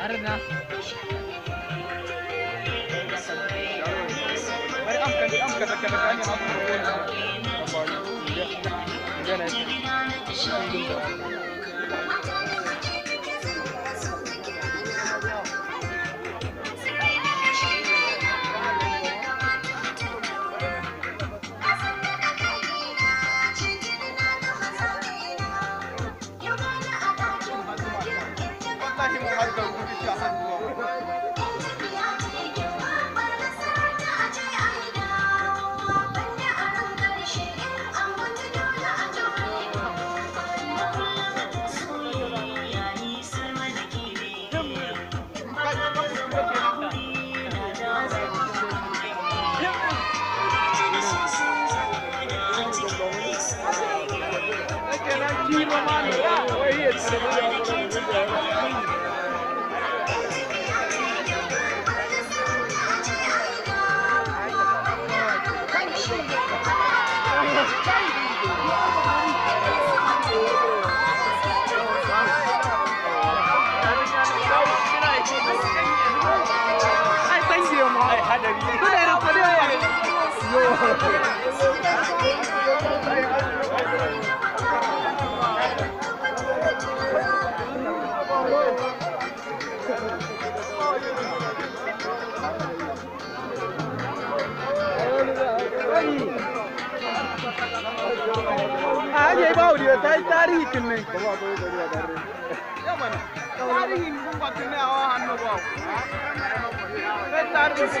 Larga. Thank you. Romano, yeah, da here to audio ta yi tarihi ne. Tarihin kun ba tunne a wa hannu ba. Sai tarihi.